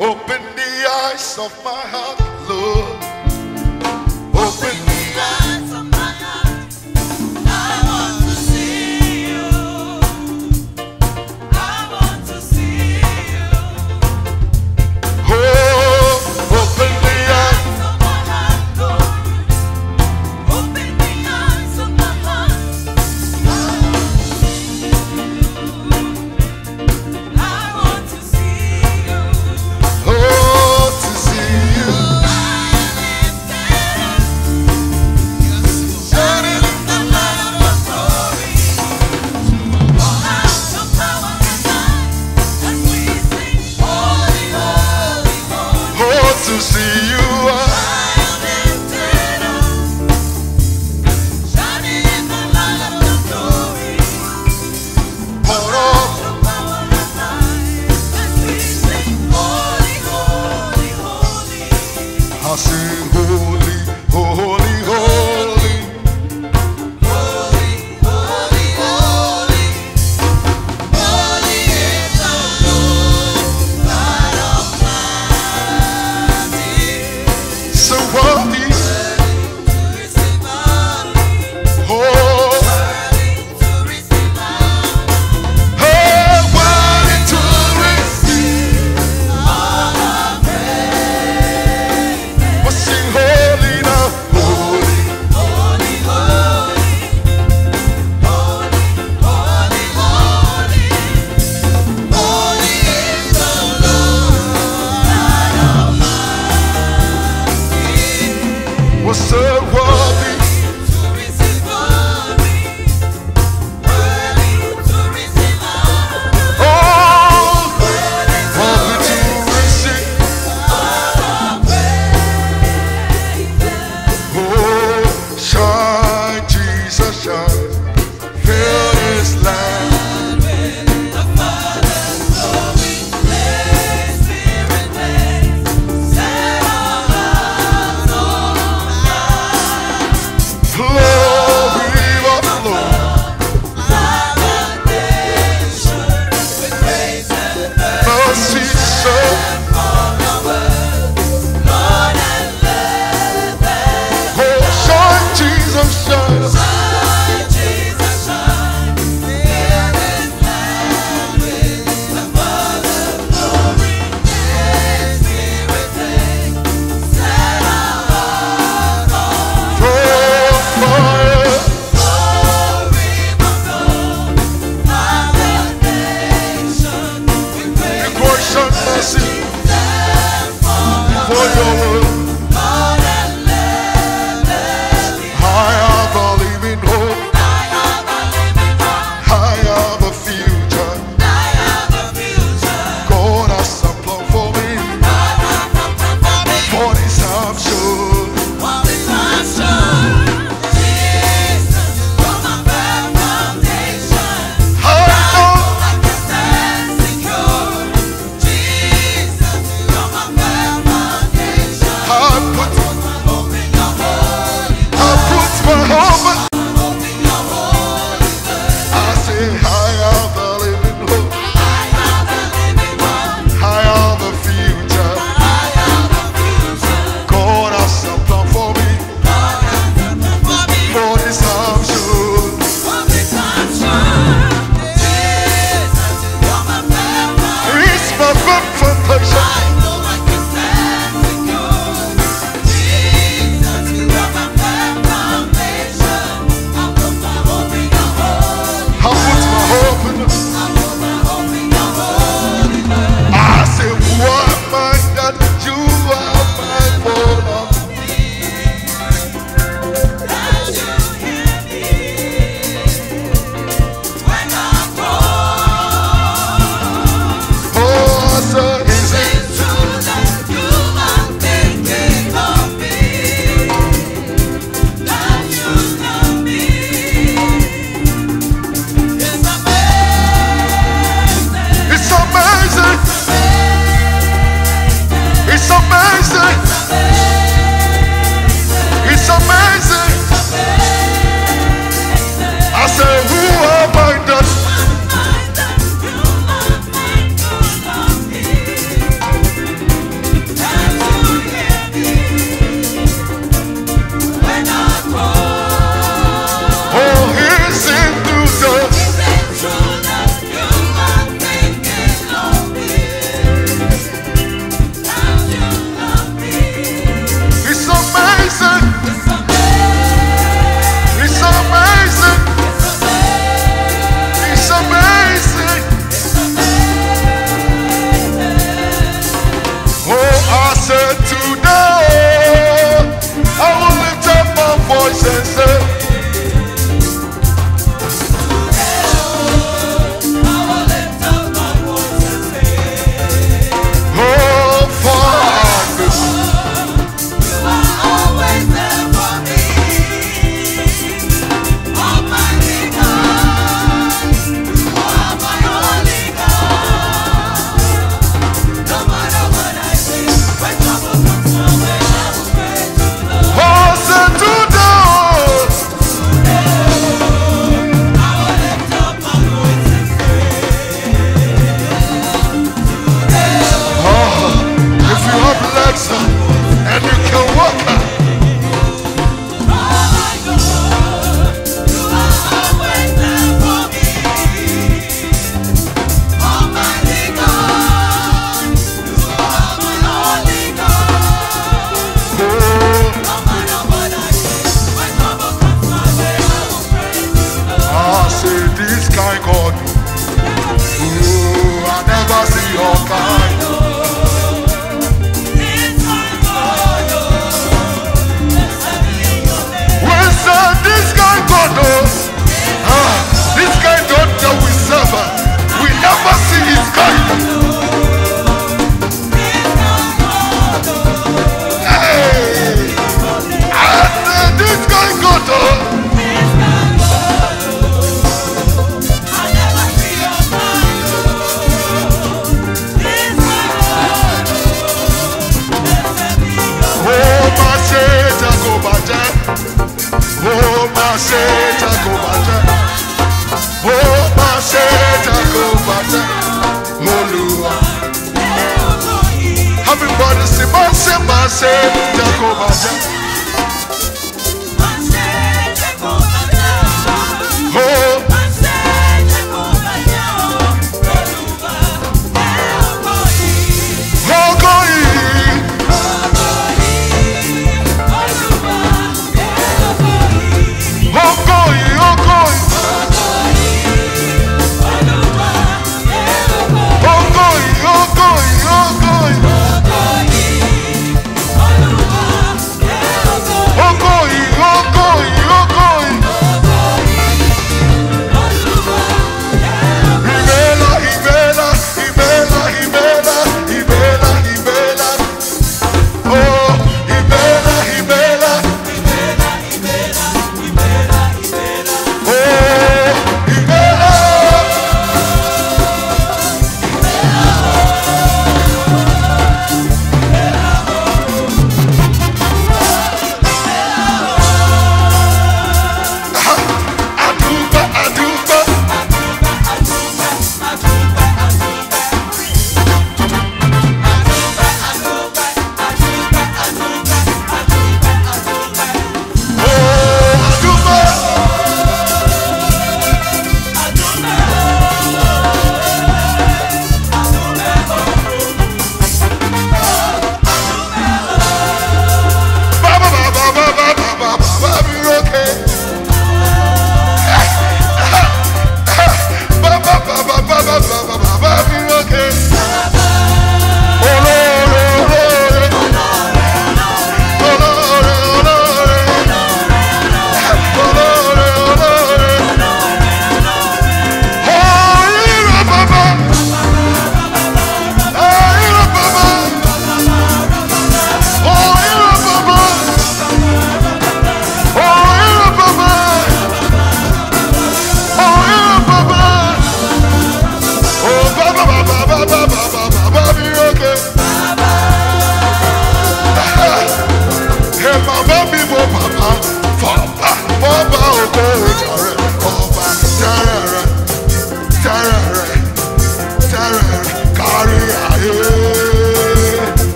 Open the eyes of my heart, Lord. to see you. ṣe jẹ́ kó bàjẹ́ bó bá everybody say bá ṣe bá ṣe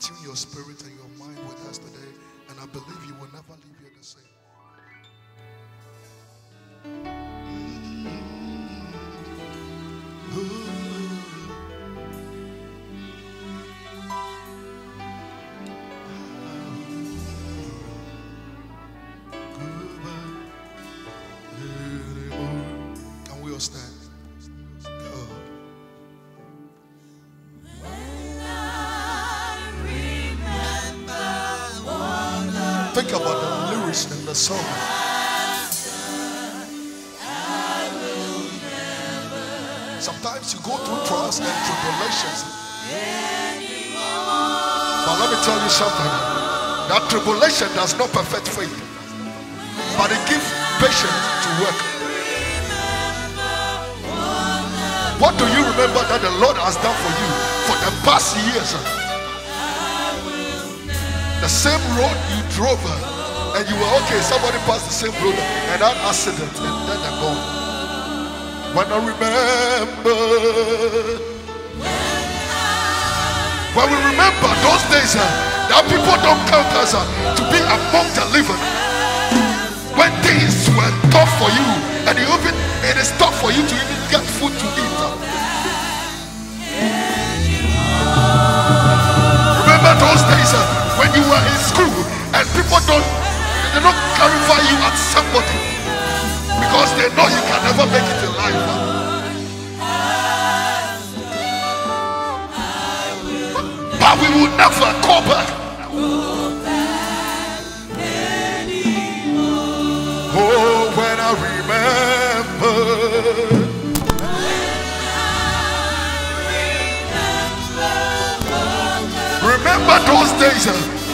Tune your spirit and your mind with us today, and I believe you will never leave. Think about the lyrics in the song. Sometimes you go through trials and tribulations. But let me tell you something. That tribulation does not perfect faith. But it gives patience to work. What do you remember that the Lord has done for you for the past years? same road you drove uh, and you were okay, somebody passed the same road and that accident and death are gone. When I remember, when we remember those days uh, that people don't count us uh, to be among the living, when things were tough for you and you even it is tough for you to even get food to eat. Uh. Remember those days. Uh, when you were in school and people don't they don't clarify you as somebody because they know you can never make it in life. But we will never go back. Oh, when I remember. Remember those days. Eh?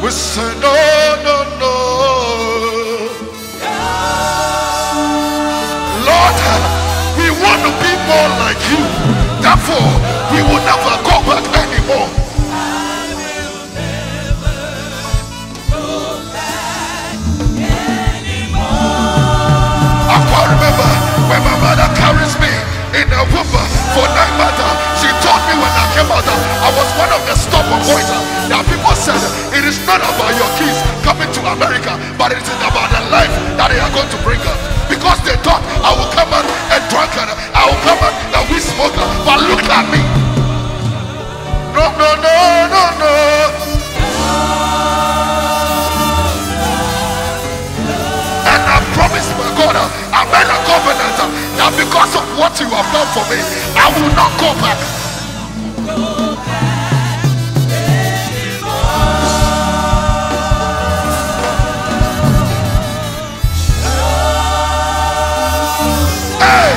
We say no, no, no. Lord, we want to be more like you. Therefore, we will never go back anymore. I can't remember when my mother carries me in a womb for nine mother, She taught me when I came out. I was one of the stubborn boys. not go back. Hey!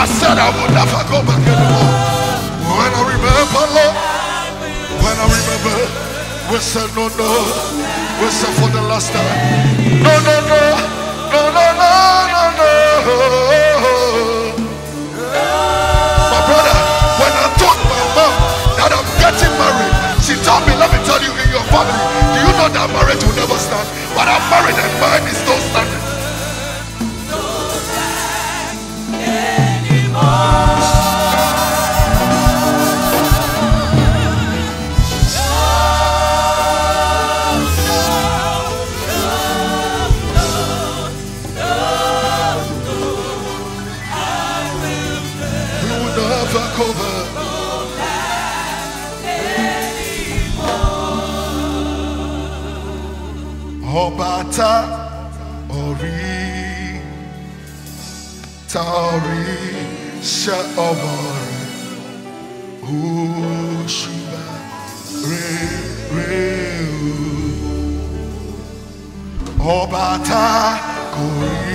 I said I would never go back anymore. When I remember, Lord, when I remember, we said no, no, we said for the last time, no, no, no, no, no, no, no. no. thought that marriage will never stand, but our marriage and mine is still standing. No time anymore. over. Tari tari taori sha obori re re ọbàtà kò rí.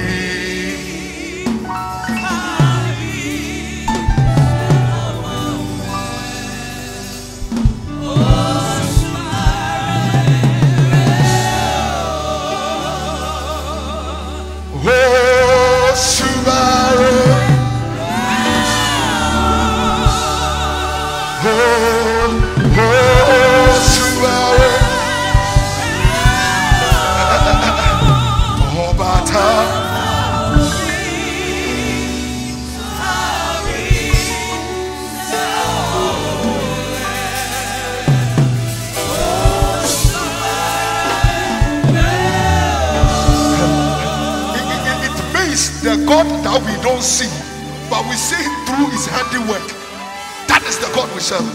myself.